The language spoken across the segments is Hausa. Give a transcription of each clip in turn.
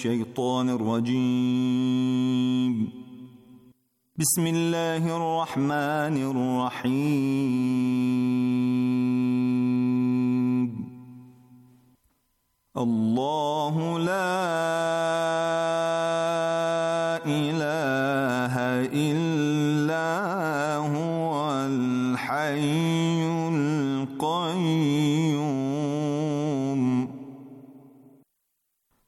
الشيطان الرجيم بسم الله الرحمن الرحيم الله لا اله الا هو الحي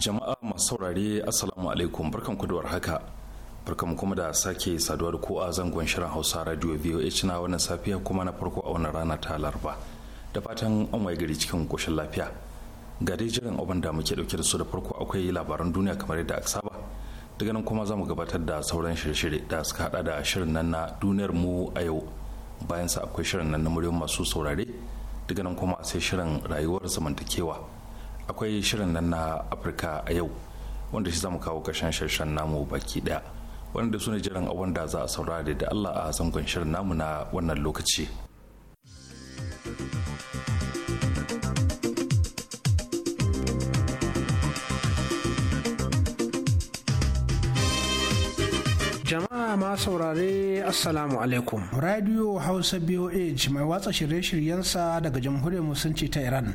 jama'a masu saurare assalamu alaikum barkan ku da haka barkan kuma da sake saduwa da ko a zangon shirin hausa radio voh na wannan safiya kuma na farko a wannan rana ta laraba da fatan an waye gari cikin koshin lafiya ga dai jiran abin da muke dauke da su da farko akwai labaran duniya kamar yadda aka saba daga nan kuma za mu gabatar da sauran shirye-shirye da suka hada da shirin nan na duniyar mu a yau bayan sa akwai shirin nan na muryoyin masu saurare daga nan kuma sai shirin rayuwar zamantakewa akwai shirin nan na afirka a yau wanda shi zamu kawo kashen shirin namu baki ɗaya wanda su ne jiran abin da za a saurari da allah a zangon shirin namu na wannan lokaci jama'a ma saurare assalamu alaikum radio hausa boh mai watsa shirye-shiryensa daga jamhuriyar musulunci ta iran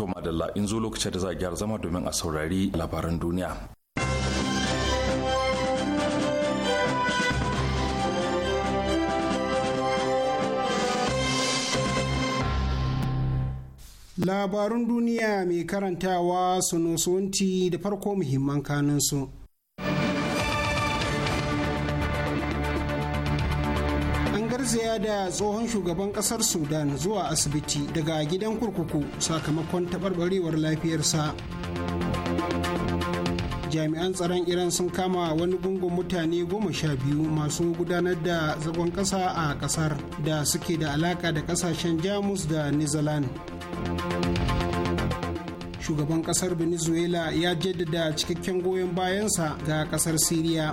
To madalla in zo lokacin da za a gyara zama domin a saurari labaran duniya. Labarun duniya mai karantawa sunusunti da farko muhimman kanunsu. garzaya da tsohon shugaban kasar sudan zuwa asibiti daga gidan kurkuku sakamakon taɓarɓarewar lafiyarsa jami'an tsaron iran sun kama wani gungun mutane goma sha biyu masu gudanar da zagon ƙasa a ƙasar da suke da alaƙa da ƙasashen jamus da netherland. shugaban ƙasar venezuela ya jaddada cikakken goyon bayansa ga ƙasar syria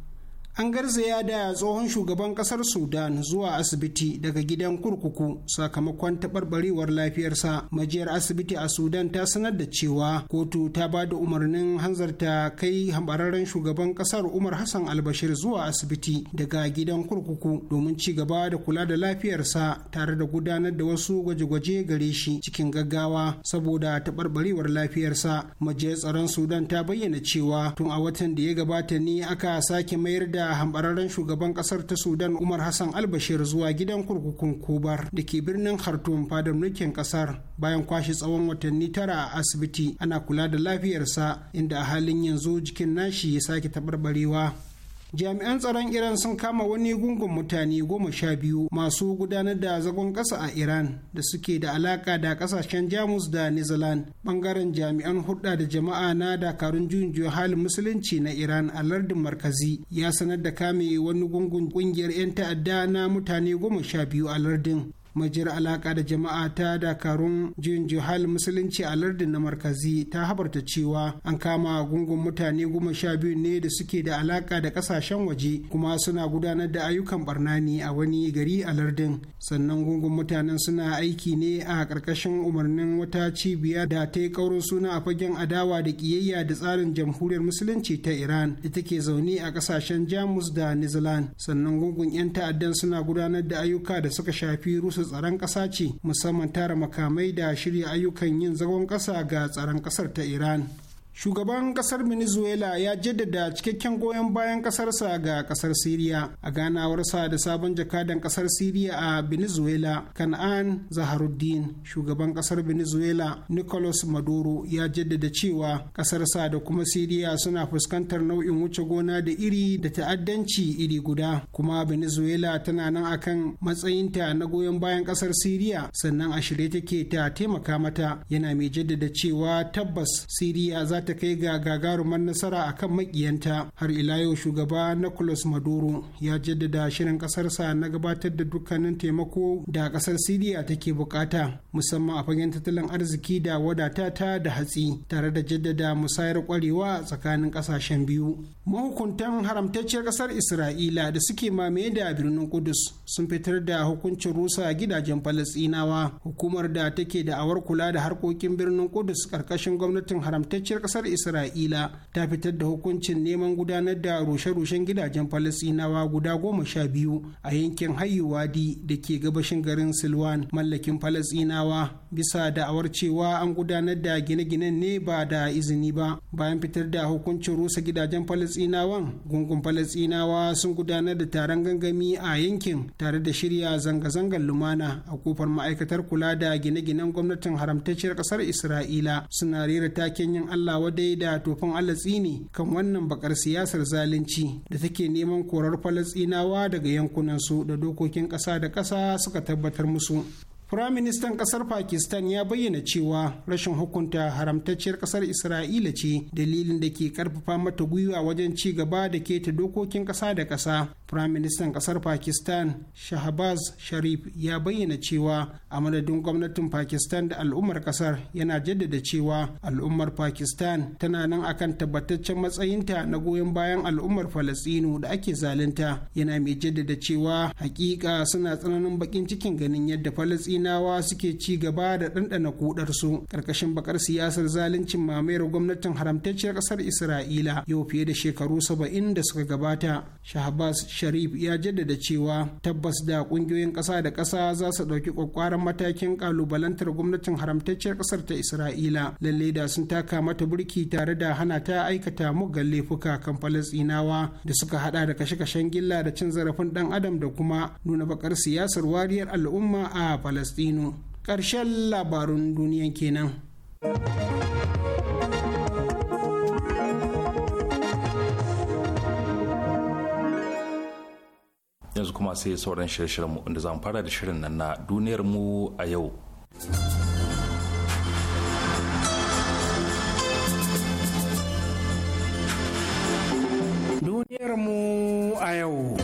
an garzaya da tsohon shugaban kasar sudan zuwa asibiti daga gidan kurkuku sakamakon taɓarɓarewar lafiyarsa majiyar asibiti a sudan ta sanar da cewa kotu ta ba da umarnin hanzarta kai hambararren shugaban kasar umar hassan albashir zuwa asibiti daga gidan kurkuku domin ci gaba da kula da lafiyarsa tare da gudanar da wasu gwaje-gwaje gare shi cikin gaggawa saboda taɓarɓarewar lafiyarsa majiyar tsaron sudan ta bayyana cewa tun a watan da ya gabata ne aka sake mayar da A hambararren shugaban kasar ta sudan umar hassan albashir zuwa gidan kurkukun kubar da ke birnin khartoum fadar mulkin kasar bayan kwashe tsawon watanni tara a asibiti ana kula da lafiyarsa inda a halin yanzu jikin nashi ya sake taɓarɓarewa jami'an tsaron iran sun kama wani gungun mutane goma sha biyu masu gudanar da zagon ƙasa a iran da suke da alaka da ƙasashen jamus da netherland bangaren jami'an hulɗa da jama'a na dakarun juyin halin musulunci na iran a lardin markazi ya sanar da kame wani gungun ƙungiyar 'yan ta'adda na mutane goma sha biyu a lardin majiyar alaka da jama'a ta dakarun jin juhal musulunci a lardin na markazi ta habarta cewa an kama gungun mutane goma sha biyu ne da suke da alaƙa da ƙasashen waje kuma suna gudanar da ayyukan barna a wani gari a lardin sannan gungun mutanen suna aiki ne a ƙarƙashin umarnin wata cibiya da ta yi kaurin suna a fagen adawa da ƙiyayya da tsarin jamhuriyar musulunci ta iran da ke zaune a ƙasashen jamus da new sannan gungun 'yan ta'addan suna gudanar da ayyuka da suka shafi rusa gwamnatin tsaron kasa ce musamman tara makamai da shirya ayyukan yin zagon kasa ga tsaron ƙasar ta iran shugaban kasar venezuela ya jaddada cikakken goyon bayan kasarsa ga kasar siriya a ganawarsa da sabon jakadan kasar siriya a venezuela kan'an zaharuddin shugaban kasar venezuela nicolas maduro ya jaddada cewa kasarsa da kuma siriya suna fuskantar nau'in wuce gona da iri da ta'addanci iri guda kuma venezuela tana nan akan matsayinta na goyon bayan kasar siriya sannan a shirye take ta taimaka mata yana mai jaddada cewa tabbas siriya za ta kai ga gagarumar nasara a kan makiyanta har ila yau shugaba nicolas maduro ya jaddada shirin kasarsa na gabatar da dukkanin taimako da kasar siriya take bukata musamman a fagen tattalin arziki da wadata ta da hatsi tare da jaddada musayar kwarewa tsakanin kasashen biyu mahukuntan haramtacciyar kasar isra'ila da suke mamaye da birnin kudus sun fitar da hukuncin rusa gidajen falasinawa hukumar da take da awar kula da harkokin birnin kudus karkashin gwamnatin haramtacciyar kasar isra'ila ta fitar da hukuncin neman gudanar da rushe-rushen gidajen falasinawa guda goma sha biyu a yankin hayyuwadi da ke gabashin garin silwan mallakin falasinawa bisa da da'awar cewa an gudanar da gine-ginen ne ba da izini ba bayan fitar da hukuncin rusa gidajen falasinawan gungun falasinawa sun gudanar da taron gangami a yankin tare da shirya zanga-zangar lumana a kofar ma'aikatar kula da gine-ginen gwamnatin haramtacciyar kasar isra'ila suna rera taken yin allah dai da tofan alatsi ne kan wannan bakar siyasar zalunci da take neman korar falastinawa daga yankunansu da dokokin kasa da kasa suka tabbatar musu Firaministan ƙasar Pakistan ya bayyana cewa rashin hukunta haramtacciyar ƙasar Isra'ila ce dalilin da ke karfafa mata gwiwa wajen ci gaba da keta dokokin ƙasa da ƙasa Firaministan ƙasar Pakistan Shahbaz Sharif ya bayyana cewa a madadin gwamnatin Pakistan da al'ummar ƙasar yana jaddada cewa al'ummar Pakistan tana nan akan tabbataccen matsayinta na goyon bayan al'ummar falastinu da ake zalunta yana mai jaddada cewa hakika suna tsananin bakin cikin ganin yadda falastinawa suke ci gaba da ɗanɗana su ƙarƙashin bakar siyasar zaluncin mamayar gwamnatin haramtacciyar ƙasar Isra'ila yau fiye da shekaru saba'in da suka gabata. Shahbaz sharif ya jaddada cewa tabbas da kungiyoyin kasa da kasa za su dauki kwakwaran matakin kalubalantar gwamnatin haramtacciyar kasar ta isra'ila lalle da sun taka mata burki tare da hana ta aikata muggan laifuka kan falastinawa da suka hada da kashe-kashen gilla da cin zarafin dan adam da kuma nuna bakar siyasar wariyar al'umma a falastinu karshen labarun duniyan kenan. yanzu kuma sai sauran shirye-shiryenmu inda zamu fara da shirin nan na duniyar mu a yau duniyar mu a yau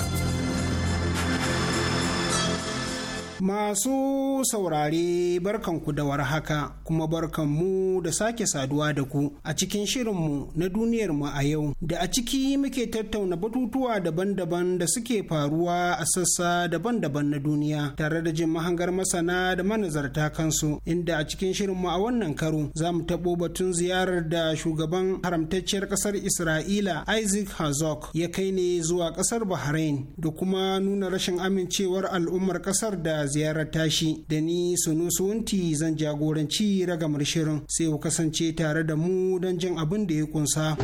Masu saurare barkanku da war haka kuma barkanmu da sake saduwa da ku a cikin shirinmu na duniyarmu a yau da a ciki muke tattauna batutuwa daban-daban da suke faruwa a sassa daban-daban na duniya tare da jin mahangar masana da manazarta kansu inda a cikin shirin mu a wannan karo za mu taɓo batun ziyarar da shugaban haramtacciyar ƙasar Isra'ila Isaac Herzog ya kai ne zuwa ƙasar Bahrain da kuma nuna rashin amincewar al'ummar ƙasar da ziyarar tashi da ni sunusunti zan jagoranci ragamar shirin sai ku kasance tare da mu don jin abin da ya kunsa.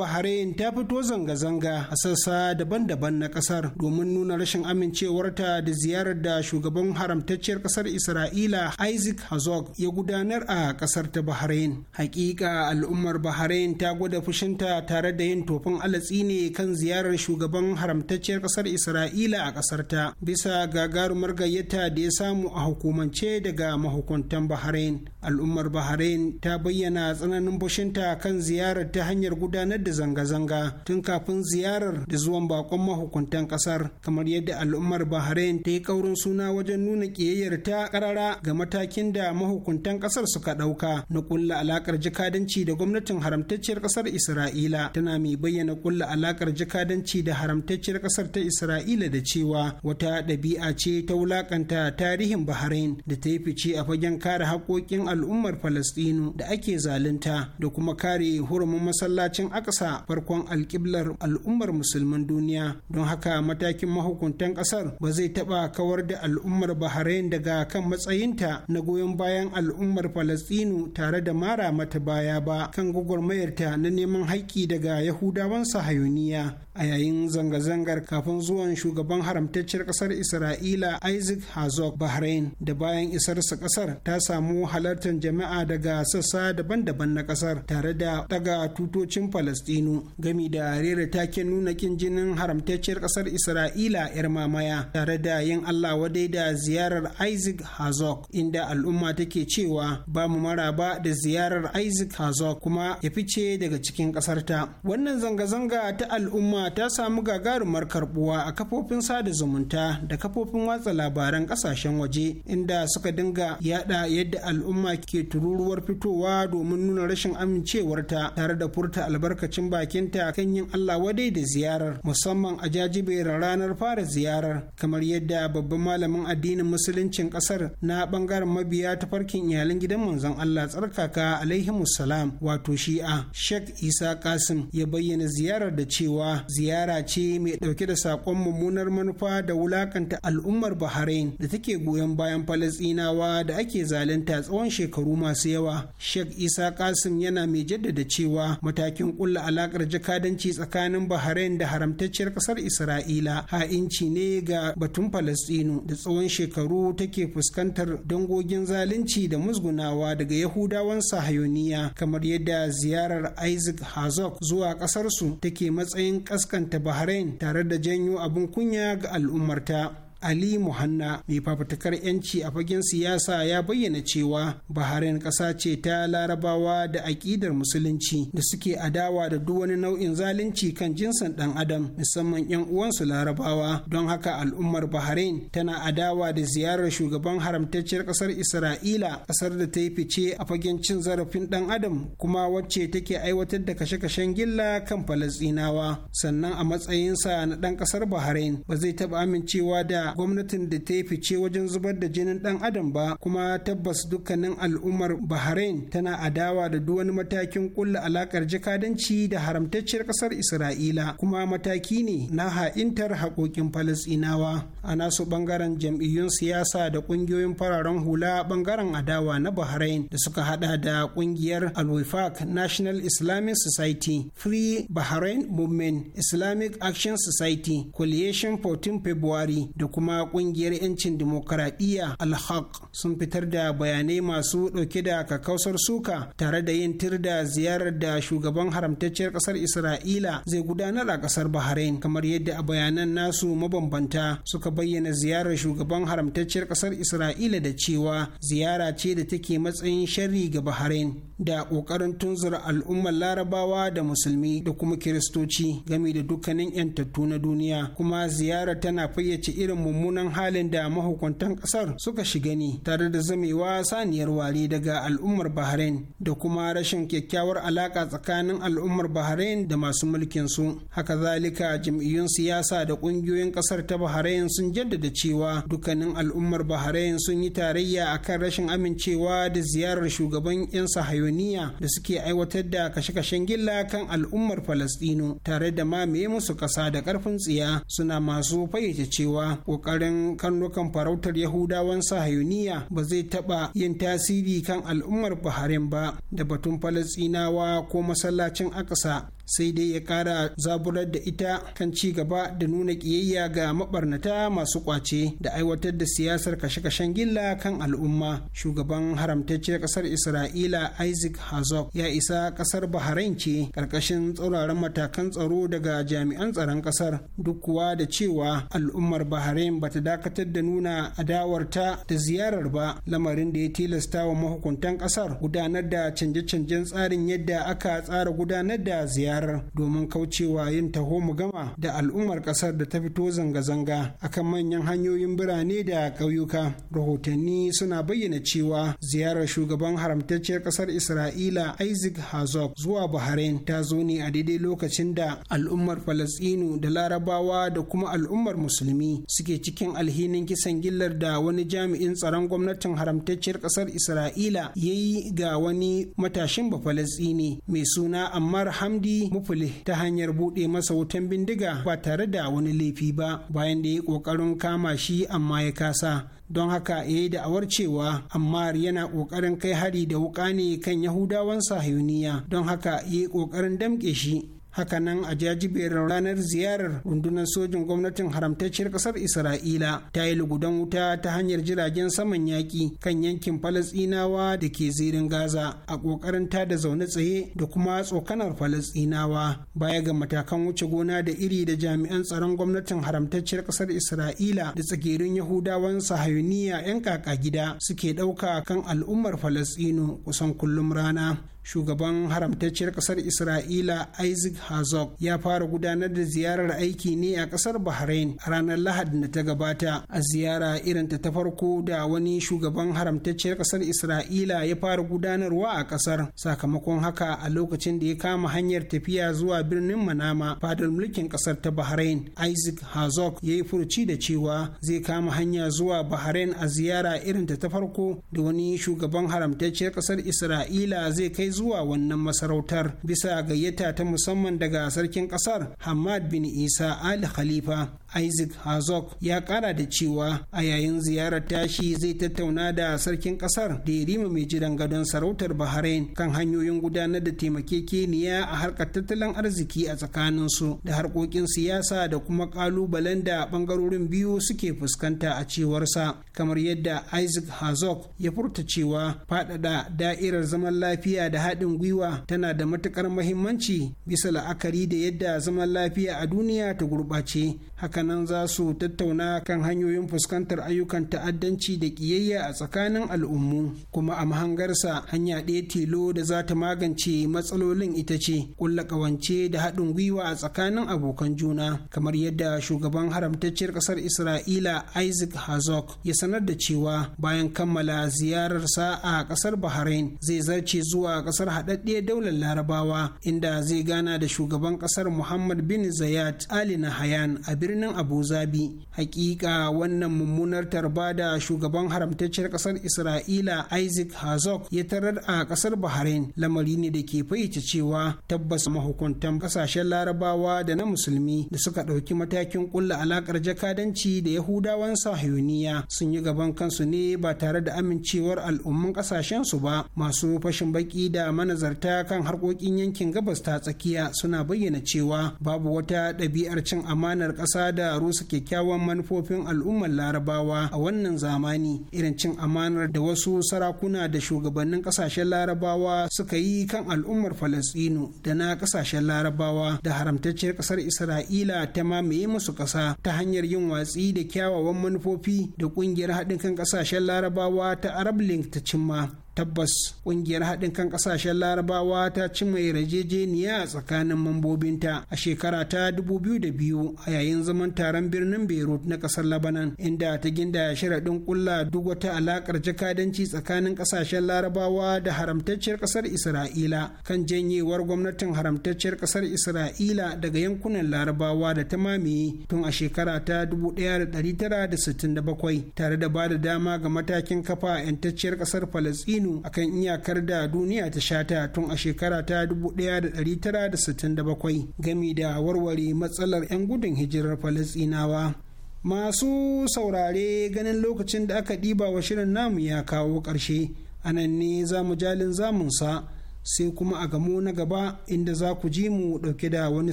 bahrain ta fito zanga-zanga a sassa daban-daban na kasar domin nuna rashin amincewarta da ziyarar da shugaban haramtacciyar kasar isra'ila isaac Herzog ya gudanar a kasar ta bahrain hakika al'ummar bahrain ta gwada fushinta tare da yin tofin alatsi ne kan ziyarar shugaban haramtacciyar kasar isra'ila a kasar ta bisa gagarumar gayyata da ya samu a hukumance daga mahukuntan bahrain al'ummar bahrain ta bayyana tsananin fushinta kan ziyarar ta hanyar gudanar da da zanga-zanga tun kafin ziyarar da zuwan bakon mahukuntan kasar kamar yadda al'ummar bahrain ta yi kaurin suna wajen nuna ƙiyayyar ta karara ga matakin da mahukuntan kasar suka ɗauka na kulla alakar jikadanci da gwamnatin haramtacciyar kasar isra'ila tana mai bayyana kulla alakar jikadanci da haramtacciyar kasar ta isra'ila da cewa wata dabi'a ce ta wulakanta tarihin bahrain da ta yi fice a fagen kare haƙƙoƙin al'ummar falastinu da ake zalunta da kuma kare hurumin masallacin aksa ƙasa farkon alƙiblar al'ummar musulman duniya don haka matakin mahukuntan ƙasar ba zai taɓa kawar da al'ummar bahrain daga kan matsayinta na goyon bayan al'ummar falastinu tare da mara mata baya ba kan gwagwarmayarta na neman haƙƙi daga yahudawan sahayoniya a yayin zanga-zangar kafin zuwan shugaban haramtacciyar ƙasar isra'ila isaac hazok bahrain da bayan isarsa ƙasar ta samu halartar jama'a daga sassa daban-daban na ƙasar tare da ɗaga tutocin falastinu Falastinu gami da rera taken nuna kin jinin haramtacciyar ƙasar Isra'ila 'yar mamaya tare da yin Allah wadai da ziyarar Isaac hazok inda al'umma take cewa ba mu maraba da ziyarar Isaac hazok kuma ya fice daga cikin ƙasarta. Wannan zanga-zanga ta al'umma ta samu gagarumar karɓuwa a kafofin sada zumunta da kafofin watsa labaran ƙasashen waje inda suka dinga yada yadda al'umma ke tururuwar fitowa domin nuna rashin amincewarta tare da furta albarka bakin bakinta kan yin Allah wadai da ziyarar musamman a jajiberin ranar fara ziyarar kamar yadda babban malamin addinin musuluncin kasar na bangaren mabiya ta farkin iyalan gidan manzon Allah tsarkaka alaihi musalam wato shi'a Sheikh Isa Kasim ya bayyana ziyarar da cewa ziyara ce mai dauke da sakon mummunar manufa da wulakanta al'ummar Bahrain da take goyon bayan Falasɗinawa da ake zalunta tsawon shekaru masu yawa Sheikh Isa Kasim yana mai jaddada cewa matakin kulla da alakar jakadanci tsakanin bahrain da haramtacciyar kasar isra'ila ha'inci ne ga batun falastinu da tsawon shekaru take fuskantar dangogin zalunci da musgunawa daga yahudawan sahayoniya kamar yadda ziyarar isaac hazok zuwa kasarsu take matsayin kaskanta bahrain tare da janyo abin kunya ga al'ummarta ali muhanna mai fafutukar yanci a fagen siyasa ya bayyana cewa bahrain ƙasa ce ta larabawa da aƙidar musulunci da suke adawa da duk wani nau'in zalunci kan jinsin ɗan adam musamman yan uwansu larabawa don haka al'ummar bahrain tana adawa da ziyarar shugaban haramtacciyar ƙasar isra'ila ƙasar da ta yi fice a fagen cin zarafin ɗan adam kuma wacce take aiwatar da kashe-kashen gilla kan falasɗinawa sannan a matsayinsa na ɗan ƙasar bahrain ba zai taɓa amincewa da gwamnatin da ta fice wajen zubar da jinin dan adam ba kuma tabbas dukkanin al'ummar bahrain tana adawa da duk wani matakin kulla alakar jakadanci da haramtacciyar kasar isra'ila kuma mataki ne na ha'intar haƙoƙin falasinawa a nasu bangaren jam'iyyun siyasa da ƙungiyoyin fararen hula bangaren adawa na bahrain da suka hada da ƙungiyar alwifak national islamic society free bahrain movement islamic action society coalition 14 february da kuma kuma kungiyar 'yancin dimokuraɗiyya alhaq sun fitar da bayanai masu ɗauke da kakausar suka tare da yin tir da ziyarar da shugaban haramtacciyar ƙasar isra'ila zai gudanar a ƙasar bahrain kamar yadda a bayanan nasu mabambanta suka bayyana ziyarar shugaban haramtacciyar ƙasar isra'ila da cewa ziyara ce da take matsayin sharri ga bahrain da ƙoƙarin tunzura al'ummar larabawa da musulmi da kuma kiristoci game da dukkanin 'yantattu na duniya kuma ziyara tana fayyace irin mummunan halin da mahukuntan kasar suka shiga ni tare da zamewa saniyar ware daga al'ummar bahrain da kuma rashin kyakkyawar alaka tsakanin al'ummar bahrain da masu mulkin su haka zalika jam'iyyun siyasa da kungiyoyin kasar ta bahrain sun jaddada cewa dukkanin al'ummar bahrain sun yi tarayya akan rashin amincewa da ziyarar shugaban 'yan sahayoniya da suke aiwatar da kashe-kashen gilla kan al'ummar falastino tare da mamaye musu kasa da karfin tsiya suna masu fayyace cewa ƙoƙarin karnukan farautar yahudawan sahayuniya ba zai taɓa yin tasiri kan al'ummar baharin ba da batun falasinawa ko masallacin akasa sai dai ya kara zaburar da ita kan ci gaba da nuna kiyayya ga mabarnata masu kwace da aiwatar da siyasar kashe-kashen gilla kan al'umma shugaban haramtacciyar kasar isra'ila isaac hazok ya isa kasar bahrain ce karkashin tsauraran matakan tsaro daga jami'an tsaron kasar duk kuwa da cewa al'ummar bahrain ba ta dakatar da nuna adawarta da ziyarar ba lamarin da ya tilasta wa mahukuntan kasar gudanar da canje-canjen tsarin yadda aka tsara gudanar da ziyarar domin kaucewa yin taho mu gama da al'ummar kasar da ta fito zanga-zanga akan manyan hanyoyin birane da ƙauyuka rahotanni suna bayyana cewa ziyarar shugaban haramtacciyar kasar isra'ila isaac Herzog zuwa bahrain ta zo ne a daidai lokacin da al'ummar falasɗinu da larabawa da kuma al'ummar musulmi suke cikin alhinin kisan gillar da wani jami'in tsaron gwamnatin haramtacciyar kasar isra'ila ya yi ga wani matashin bafalastini mai suna ammar hamdi mufule ta hanyar buɗe masa wutan bindiga ba tare da wani laifi ba bayan da ya yi ƙoƙarin kama shi amma ya kasa don haka ya yi da'awar cewa ammar yana ƙoƙarin kai hari da wuƙa ne kan yahudawan sahiyuniya don haka ya yi ƙoƙarin damƙe shi hakanan a jajiberin ranar ziyarar rundunar sojin gwamnatin haramtacciyar kasar isra'ila ta yi lugudan wuta ta hanyar jiragen saman yaƙi kan yankin falasɗinawa da ke zirin gaza a ƙoƙarin ta da zaune tsaye da kuma tsokanar falasɗinawa baya ga matakan wuce gona da iri da jami'an tsaron gwamnatin haramtacciyar kasar isra'ila da tsagerin yahudawan sahayuniya 'yan kaka gida suke ɗauka kan al'ummar falasɗinu kusan kullum rana shugaban haramtacciyar kasar isra'ila isaac herzog ya fara gudanar da ziyarar aiki ne a kasar bahrain a ranar Lahadi da ta gabata a ziyara irin ta ta farko da wani shugaban haramtacciyar kasar isra'ila ya fara gudanarwa a kasar sakamakon haka a lokacin da ya kama hanyar tafiya zuwa birnin manama fadar mulkin kasar ta bahrain isaac herzog ya yi furuci da cewa zai kama hanya zuwa bahrain a ziyara irin ta ta farko da wani shugaban haramtacciyar kasar isra'ila zai kai kai zuwa wannan masarautar bisa gayyata ta musamman daga sarkin kasar hamad bin isa ali khalifa isaac hazok ya kara da cewa a yayin ziyarar tashi zai tattauna da sarkin kasar da yarima mai jiran gadon sarautar bahrain kan hanyoyin gudanar da taimakekeniya a harkar tattalin arziki a tsakanin su da harkokin siyasa da kuma kalubalen da bangarorin biyu suke fuskanta a cewarsa kamar yadda isaac hazok ya furta cewa faɗaɗa da'irar zaman lafiya da haɗin gwiwa tana da matuƙar muhimmanci bisa la'akari da yadda zaman lafiya a duniya ta gurɓace haka nan za su tattauna kan hanyoyin fuskantar ayyukan ta'addanci da ƙiyayya a tsakanin al'ummu kuma a mahangarsa hanya ɗaya tilo da za ta magance matsalolin ita ce ƙulla ƙawance da haɗin gwiwa a tsakanin abokan juna kamar yadda shugaban haramtacciyar ƙasar isra'ila isaac hazok ya sanar da cewa bayan kammala ziyararsa a ƙasar bahrain zai zarce zuwa ƙasar haɗaɗɗiyar daular larabawa inda zai gana da shugaban ƙasar muhammad bin zayat ali nahayan a birnin birnin abu zabi hakika wannan mummunar tarba da shugaban haramtacciyar kasar isra'ila isaac hazok ya tarar a kasar bahrain lamari ne da ke fayyace cewa tabbas mahukuntan kasashen larabawa da na musulmi da suka ɗauki matakin kulla alakar jakadanci da yahudawan sahiyoniya sun yi gaban kansu ne ba tare da amincewar al'umman kasashen su ba masu fashin baki da manazarta kan harkokin yankin gabas ta tsakiya suna bayyana cewa babu wata ɗabi'ar cin amanar ƙasa da da rusa kyakkyawan manufofin al'ummar larabawa a wannan zamani irin cin amanar da wasu sarakuna da shugabannin kasashen larabawa suka yi kan al'ummar falastinu da na kasashen larabawa da haramtacciyar kasar isra'ila ta mamaye musu kasa ta hanyar yin watsi da kyawawan manufofi da kungiyar haɗin kan kasashen larabawa ta arab link ta cimma tabbas kungiyar haɗin kan ƙasashen larabawa ta cimma yarjejeniya a tsakanin mambobinta a shekara ta 2002 a yayin zaman taron birnin beirut na ƙasar labanan inda ta ginda sharaɗin kulla duk wata alaƙar jakadanci tsakanin ƙasashen larabawa da haramtacciyar ƙasar isra'ila kan janyewar gwamnatin haramtacciyar ƙasar isra'ila daga yankunan larabawa da ta mamaye tun a shekara ta 1967 tare da ba da dama ga matakin kafa 'yantacciyar ƙasar falasɗin a akan iyakar da duniya ta shata tun a shekara ta 1967 gami da warware matsalar 'yan gudun hijirar Falasinawa. Masu saurare ganin lokacin da aka ɗiba wa shirin namu ya kawo ƙarshe, anan ne za mu jalin zamunsa sai kuma a gamo na gaba inda za ku ji mu ɗauke da wani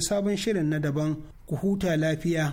sabon shirin na daban ku huta lafiya.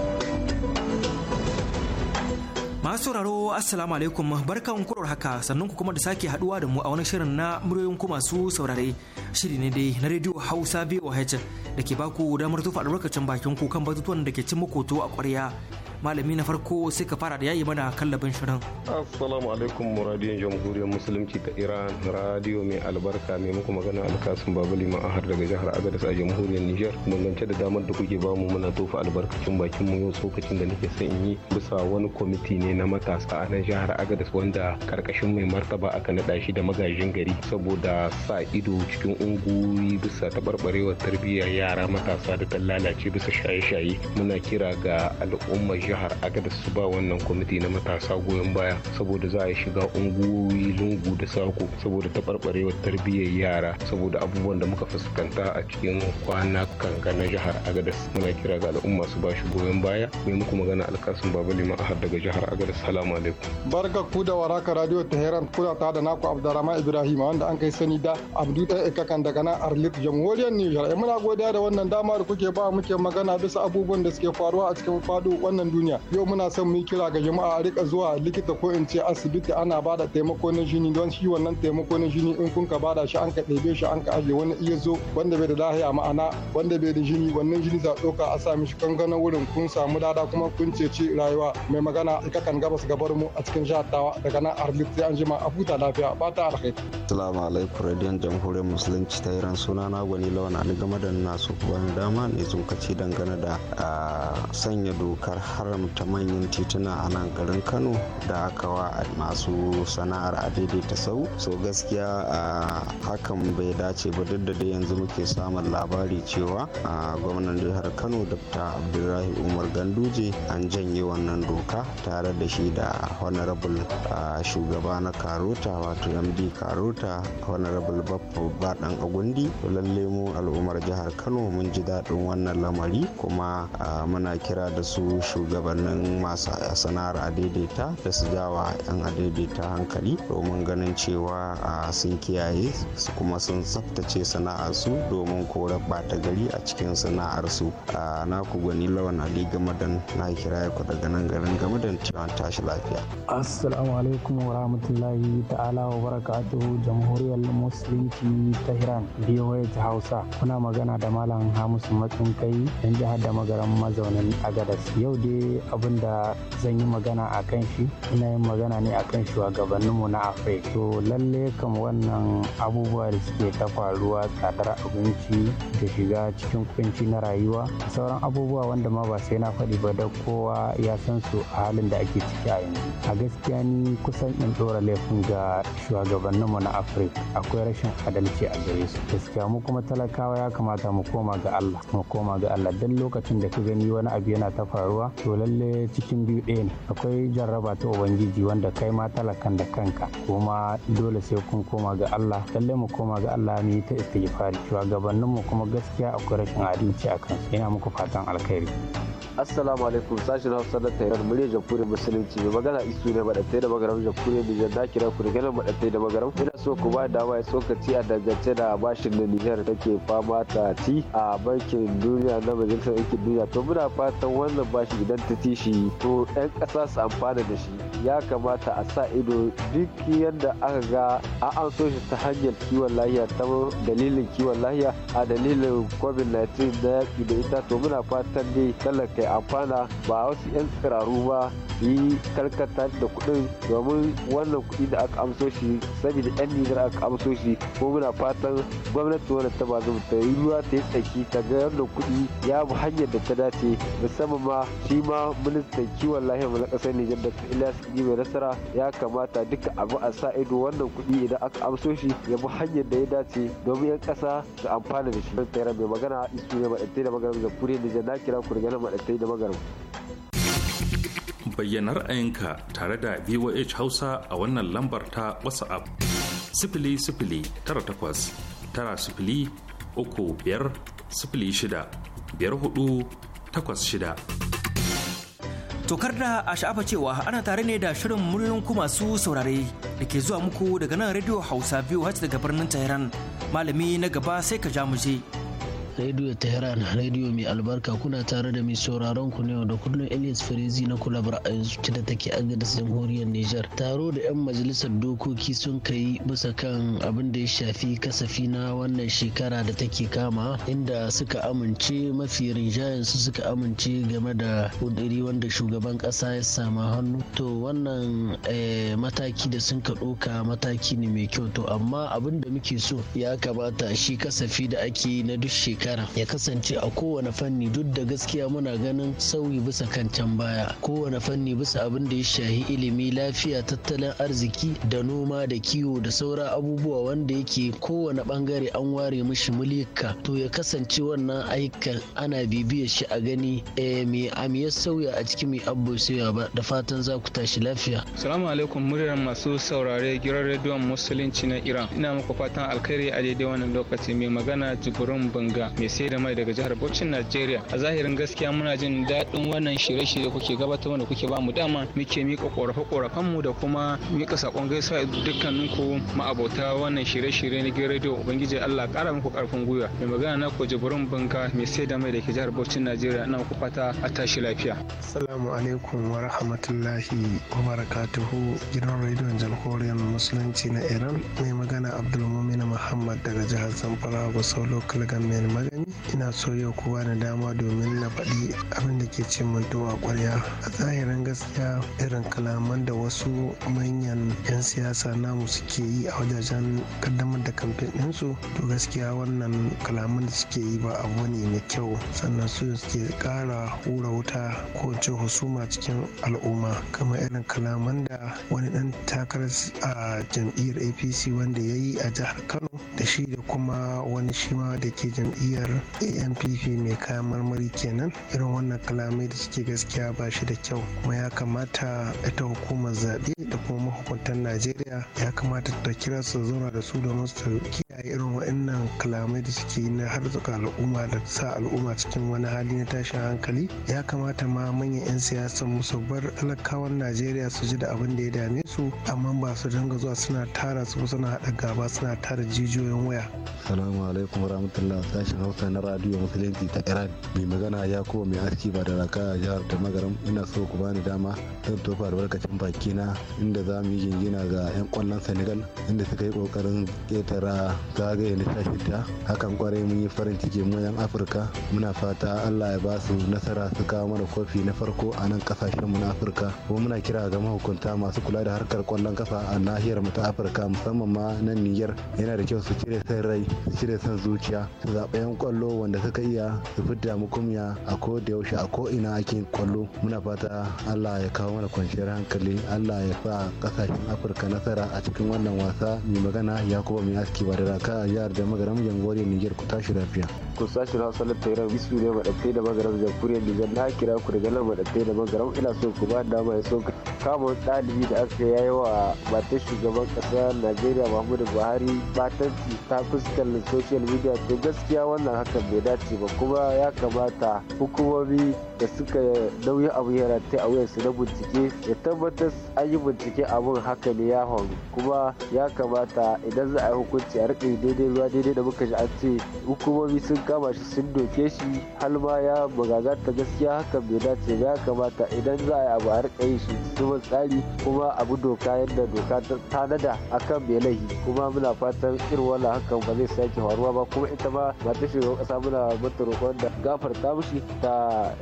Masu sauraro Assalamu alaikum barkan kurar haka sannan ku kuma da sake haduwa da mu a wani shirin na muryoyin ku masu saurare shiri ne dai na rediyo Hausa VOH da ke baku damar tufa albarkacin bakin ku kan batutuwan da ke cin makoto a ƙwarya malami na farko sai ka fara da yayi mana kallabin shirin assalamu alaikum radiyon jamhuriyar musulunci ta iran radiyo mai albarka mai muku magana alkasun babali ma'ahar daga jihar agadas a jamhuriyar niger dangance da damar da kuke bamu muna tofa albarkacin bakin mu yau tsokacin da nake son yi bisa wani kwamiti ne na matasa a nan jihar agadas wanda karkashin mai martaba aka naɗa shi da magajin gari saboda sa ido cikin unguwi bisa tabarbarewar tarbiyyar yara matasa da ta lalace bisa shaye-shaye muna kira ga al'ummar jihar agadar su ba wannan kwamiti na matasa goyon baya saboda za a shiga unguwoyi lungu da sako saboda taɓarɓarewar tarbiyyar yara saboda abubuwan da muka fuskanta a cikin kwana kanka na jihar agada muna kira ga al'umma su ba shi goyon baya mai muku magana alkasun baba liman ahad daga jihar agada salamu alaikum barka ku da waraka radio tehran kuna ta da naku abdurrahman ibrahim wanda an kai sani da abdu da ikakan daga na arlit jamhuriyar niger eh, muna godiya da wannan dama da kuke ba muke magana bisa abubuwan da suke faruwa a cikin fado wannan duniya duniya yau muna son mu kira ga jama'a a rika zuwa likita ko in ce asibiti ana bada taimako na jini don shi wannan taimako na jini in kun ka bada shi an ka ɗebe shi an ka ajiye wani iya zo wanda bai da lahiya ma'ana wanda bai da jini wannan jini za ɗauka a sa mishi kankanin wurin kun samu dada kuma kun ceci rayuwa mai magana ita kan gabas gabar mu a cikin jihar tawa daga nan arlit sai an jima a futa lafiya ba ta alkhairi. Assalamu alaikum radiyon jamhuriyar musulunci ta Iran suna na gwani lawan Ali game da nasu bani dama ne tsokaci dangane da ah, sanya dokar har ta manyan tituna a nan garin kano da aka wa masu sana'ar a ta sau so gaskiya a hakan bai dace ba duk da yanzu muke samun labari cewa a gwamnan jihar kano dr abdullahi umar ganduje an janye wannan doka tare da shi da honorable shugaba na karota wato md karota honorable babu baɗan agundi lalle mu al'ummar jihar kano mun ji daɗin wannan lamari kuma muna kira da su shugaba shugabannin masu sana'ar daidaita da su jawa 'yan adaidaita hankali domin ganin cewa a sun kiyaye kuma sun tsaftace sana'ar su domin kore bata gari a cikin sana'arsu a ku gwani lawan ali gamadan na kira ku daga nan garin gamadan cewa tashi lafiya assalamu alaikum wa rahmatullahi ta'ala wa barakatuhu jamhuriyar musulunci ta iran biyoyi hausa kuna magana da malam hamisu matsin kai yan jihar da magaran mazaunin agadas yau dai abin da zan yi magana a kan shi ina yin magana ne a kan shugabanninmu na afirka to lalle kan wannan abubuwa da suke ta faruwa tsadar abinci da shiga cikin kunci na rayuwa sauran abubuwa wanda ma ba sai na faɗi ba da kowa ya san su a halin da ake ciki a yanzu a gaskiya ni kusan in ɗora laifin ga shugabanninmu na afirka akwai rashin adalci a gare su gaskiya mu kuma talakawa ya kamata mu koma ga allah mu koma ga allah duk lokacin da ka gani wani abu yana ta faruwa to to lalle cikin biyu ɗaya ne akwai jarraba ta ubangiji wanda kai ma talakan da kanka kuma dole sai kun koma ga Allah lalle mu koma ga Allah mu yi ta istighfari gabanin mu kuma gaskiya akwai rashin adalci a kan ina muku fatan alkhairi assalamu alaikum na hausa na tayar murya jamhuriyar musulunci mai magana isu ne madatai da magaram jamhuriyar nijar da kira ku daga madatai da magaram ina so ku ba dama ya tsokaci a dangance da bashin da nijar take fama ta ci a bankin duniya na majalisar aikin duniya to muna fatan wannan bashi idan kwantiti tishi to 'yan ƙasa su amfana da shi ya kamata a sa ido duk yadda aka ga a an so shi ta hanyar kiwon lahiya ta dalilin kiwon lahiya a dalilin covid-19 na yaƙi da ita to muna fatan dai talaka kai amfana ba wasu 'yan tsiraru ba su yi karkata da kuɗin domin wannan kuɗi da aka amso shi saboda 'yan nijar aka amso shi ko muna fatan gwamnati wadda ta ba ta yi ruwa ta yi tsaki ta ga yadda kuɗi ya bi hanyar da ta dace musamman ma shi girma ministan kiwon lafiya na kasar Nijar da Ilyas mai Nasara ya kamata duka abu a sa ido wannan kuɗi idan aka amso shi ya bi hanyar da ya dace domin 'yan kasa su amfana da shi. Zan mai magana isu ne maɗattai da magaram zafure Nijar na kira ku daga da magana. Bayyana ra'ayinka tare da VOH Hausa a wannan lambar ta WhatsApp. Sifili sifili tara takwas tara sifili uku biyar sifili shida biyar hudu takwas shida. Tokar da a sha'afa cewa ana tare ne da shirin murnin ku masu saurare da ke zuwa muku daga nan Radio Hausa VOH daga birnin Tehran. Malami na gaba sai ka ja mu je. Radio Tehran, Radio mai albarka kuna tare da mai sauraron ku ne da kullum Elias Ferezi na kula yanzu ta da take agadas jamhuriyar Nijar. Taro da 'yan majalisar dokoki sun kai bisa kan abin da ya shafi kasafi na wannan shekara da take kama inda suka amince mafi rinjayen su suka amince game da kudiri wanda shugaban kasa ya sama hannu. To wannan eh, mataki da sun ka ɗoka mataki ne mai kyau to amma abin da muke so ya kamata shi kasafi da ake na duk shekara shekara ya kasance a kowane fanni duk da gaskiya muna ganin sauyi bisa kan can baya kowane fanni bisa abin da ya shahi ilimi lafiya tattalin arziki da noma da kiwo da saura abubuwa wanda yake kowane bangare an ware mishi mulika to ya kasance wannan aikan ana bibiyar shi a gani eh, me ya sauya a cikin mai abu sauya ba da fatan za ku tashi lafiya salamu alaikum muryar masu saurare girar rediyon musulunci na iran ina muku fatan alkhairi a daidai wannan lokaci mai magana jibrin banga mai sai da mai daga jihar Bauchin Najeriya. A zahirin gaskiya muna jin daɗin wannan shirye-shirye kuke gabatarwa da kuke ba mu dama muke mika korafe-korafen mu da kuma mika sakon gaisuwa dukkanin ku ma'abota wannan shirye-shirye na gidan rediyo Ubangiji Allah ƙara muku ƙarfin gwiwa. Mai magana na ku Jibrin Banka mai sai da mai daga jihar Bauchin Najeriya ina ku fata a tashi lafiya. Assalamu alaikum wa rahmatullahi wa barakatuhu gidan rediyon jamhuriyar musulunci na Iran mai magana Abdulmumin Muhammad daga jihar Zamfara Gusau Local Government magani ina so yau kowa na dama domin na faɗi abin da ke ce mai a ƙwarya a zahirin gaskiya irin kalaman da wasu manyan 'yan siyasa namu suke yi a wajajen kaddamar da kamfen ɗinsu to gaskiya wannan kalaman da suke yi ba abu ne mai kyau sannan su suke ƙara hura wuta ko ce husuma cikin al'umma kamar irin kalaman da wani ɗan takarar a jam'iyyar apc wanda ya yi a jihar kano da shi da kuma wani shima da ke jam'iyyar jam'iyyar ANPP mai kayan marmari kenan irin wannan kalamai da suke gaskiya ba shi da kyau kuma ya kamata ita hukumar zaɓe da kuma mahukuntan Najeriya ya kamata ta kira su zauna da su domin su kiyaye irin waɗannan kalamai da suke na harzuka al'umma da sa al'umma cikin wani hali na tashin hankali ya kamata ma manyan 'yan siyasa musu bar talakawan Najeriya su ji da abin da ya dame su amma ba su dinga zuwa suna tara su suna haɗa gaba suna tara jijiyoyin waya. Salamu alaikum warahmatullahi sashen hausa na radio musulunci ta iran mai magana ya kuma mai aski ba da raka jihar da magaram ina so ku bani dama zan tofa albarkacin baki na inda za mu yi jingina ga yan kwallon senegal inda suka yi kokarin ketara zagaye na sha hakan kwarai mun yi farin ciki mu yan afirka muna fata allah ya ba su nasara su kawo mana kofi na farko a nan kasashen mu na afirka kuma muna kira ga mahukunta masu kula da harkar kwallon kafa a nahiyar mu ta afirka musamman ma nan niger yana da kyau su cire san rai su cire san zuciya su zaɓa 'yan kwallo wanda suka iya su fita mu kumya a ko da yaushe a ko ina ake kwallo muna fata Allah ya kawo mana kwanciyar hankali Allah ya sa kasashen Afirka nasara a cikin wannan wasa mai magana Yakubu mai aski ba da raka jihar da magaram Niger ku tashi lafiya. ku sashi hausa na tairan bisu ne maɗafe da magaram jamhuriyar nijar na kira ku daga nan maɗafe da magaram ina so ku ba dama ya so kama ɗalibi da aka yi wa matan shugaban ƙasa najeriya mahmudu buhari batanci ta fuskar social media to gaskiya wannan hakan bai dace ba kuma ya kamata hukumomi da suka nauyi abu ya ta a wuyansu na bincike ya tabbatar an yi bincike abun haka ne ya faru kuma ya kamata idan za a yi hukunci a riƙe daidai ruwa daidai da muka ji an ce hukumomi sun kama shi sun doke shi har ma ya ta gaskiya hakan bai dace ba ya kamata idan za a yi abu har kai yi shi cikin tsari kuma abu doka yadda doka ta tanada akan mai laihi kuma muna fatan irin wannan hakan ba zai sake faruwa ba kuma ita ma ta shiga kasa muna mata roƙon da gafarta mushi ta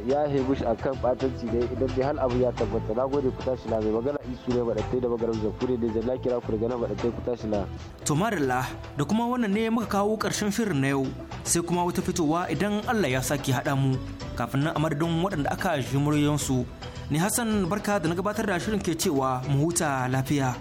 ya yahe mishi akan batanci ne idan dai hal abu ya tabbata na gode ku tashi na mai magana isu ne ba da magaram ne da jalla kira ku daga nan maɗatai ku tashi na. to da kuma wannan ne muka kawo ƙarshen shirin na yau sai kuma wata fitowa idan Allah ya sake haɗa mu kafin nan a madadin waɗanda aka ji muryoyinsu. Ni Hassan barka da na gabatar da shirin ke cewa mu huta lafiya.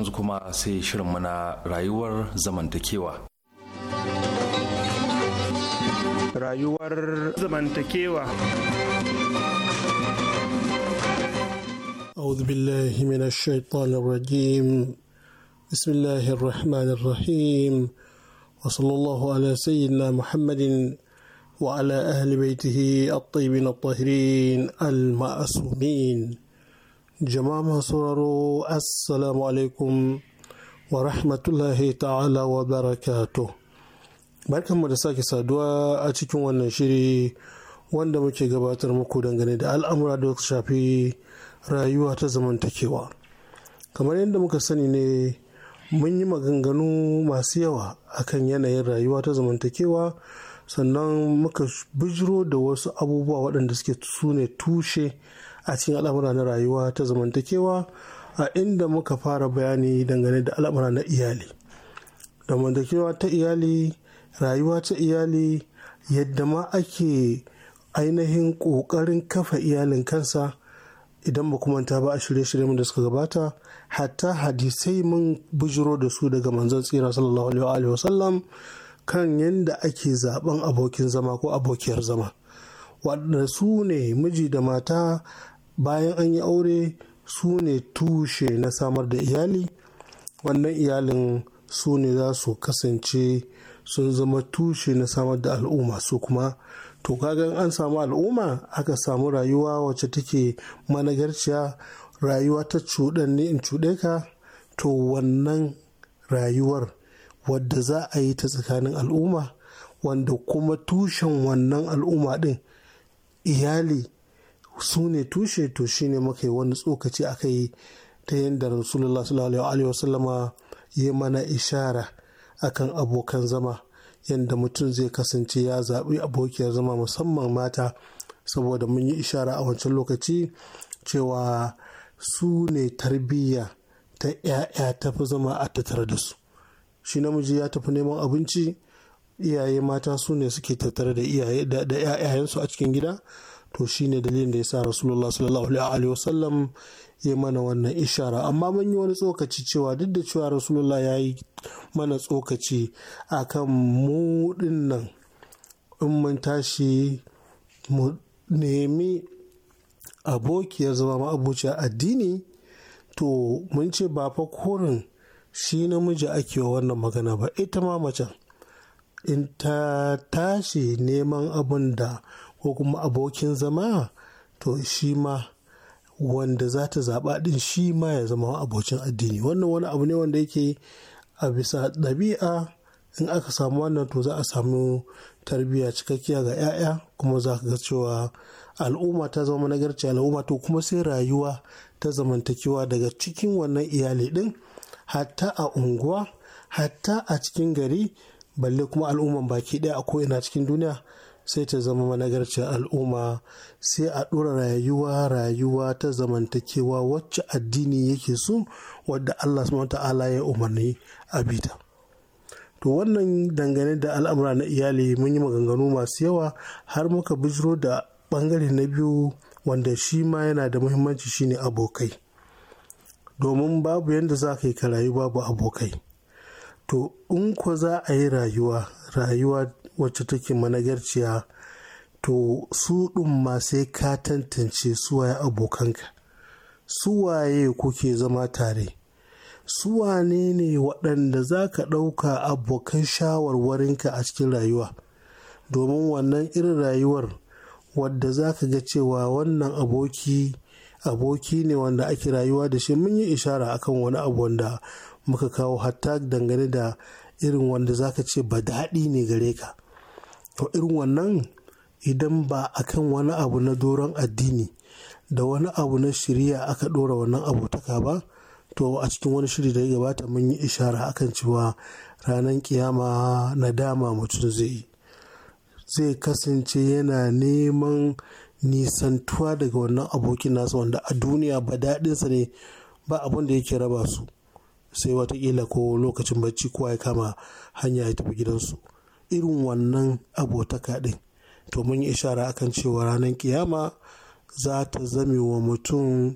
yanzu kuma sai shirin mana rayuwar zamantakewa. rayuwar zamantakewa. أعوذ بالله من الشيطان الرجيم بسم الله الرحمن الرحيم وصلى الله على سيدنا محمد وعلى أهل بيته الطيبين الطاهرين المعصومين جماعة سرروا السلام عليكم ورحمة الله تعالى وبركاته barkanmu da sake saduwa a cikin wannan shiri wanda muke gabatar muku dangane da al'amura da suka shafi rayuwa ta zamantakewa kamar yadda muka sani ne mun yi maganganu masu yawa akan yanayin rayuwa ta zamantakewa sannan muka bijiro da wasu abubuwa waɗanda suke su ne tushe a cikin al'amura na rayuwa ta zamantakewa a inda muka fara bayani dangane da al'amura na iyali zamantakewa ta iyali rayuwa ta iyali yadda ma ake ainihin ƙoƙarin kafa iyalin kansa idan ba manta ba a shirye-shirye da suka gabata hatta hadisai mun bujiro da su daga manzon tsira sallallahu alaihi wa wasallam kan yadda ake zaben abokin zama ko abokiyar zama waɗanda su ne miji da mata bayan an yi aure su ne tushe na samar da iyali wannan iyalin su ne za su kasance sun zama tushe na samar da al'umma su kuma to kaga an samu al'umma aka samu rayuwa wacce take managarciya rayuwa ta ne in cuɗe ka to wannan rayuwar wadda za a yi ta tsakanin al'umma wanda kuma tushen wannan al'umma ɗin iyali su ne tushe to shine maka yi wani tsokaci aka yi ta yadda rasulullah sallallahu alaihi wasallama ya mana ishara akan abokan zama yadda mutum zai kasance ya zaɓi abokiyar zama musamman mata saboda mun yi ishara a wancan lokaci cewa su ne tarbiyya ta 'ya'ya tafi zama a tattare da su shi namiji ya tafi neman abinci iyaye mata su ne suke tattare da 'ya'yansu a cikin gida to shine dalilin da ya sa rasulullah sallallahu alaihi wasallam ya mana wannan ishara amma mun yi wani tsokaci cewa duk da cewa rasulullah ya yi mana tsokaci akan mu nan in mun tashi mu nemi abokiyar zama a addini to mun ce ba fa korin shi namiji ake wa wannan magana ba ita ma macen in ta tashi neman abin da ko kuma abokin zama to shi ma wanda za ta zaɓa ɗin shi ma ya zama abokin addini wannan wani abu ne wanda yake a bisa ɗabi'a in aka samu wannan to za a samu tarbiyya cikakkiya ga 'ya'ya kuma za ka ga cewa al'umma ta zama nagarci al'umma to kuma sai rayuwa ta zamantakewa daga cikin wannan iyali ɗin hatta a unguwa hatta a cikin gari balle kuma al'umman baki ɗaya a ko'ina cikin duniya sai ta zama managarcin al'umma sai a ɗora rayuwa rayuwa ta zamantakewa wacce addini yake so wadda Allah subhanahu ta'ala ya umarni a bita to wannan dangane da al'amura na iyali mun yi maganganu masu yawa har muka bijiro da bangare na biyu wanda shi ma yana da muhimmanci shine abokai domin babu yadda za ka yi ka rayu babu abokai to in ko za a yi rayuwa rayuwa wacce take managarciya to su ɗin ma sai ka tantance suwaye abokanka Su suwaye kuke zama tare suwane ne waɗanda za ka ɗauka abokan shawarwarinka a cikin rayuwa domin wannan irin rayuwar wadda za ka ga cewa wannan aboki aboki ne wanda ake rayuwa da shi mun yi ishara akan wani abu wanda muka kawo hatta dangane da irin wanda za ka ce ba daɗi ne gare ka to irin wannan idan ba a kan wani abu na doron addini da wani abu na shirya aka ɗora wannan abotaka ba to a cikin wani shiri da ya gabata mun yi ishara akan cewa ranar kiyama nadama mutum zai zai kasance yana neman nisantuwa daga wannan abokin nasa wanda a duniya ba daɗinsa ne ba abin da yake raba su sai watakila ko lokacin bacci kowa ya kama hanya ya tafi gidansu irin wannan abotaka ɗin to mun yi ishara akan cewa ranar kiyama za ta zame wa mutum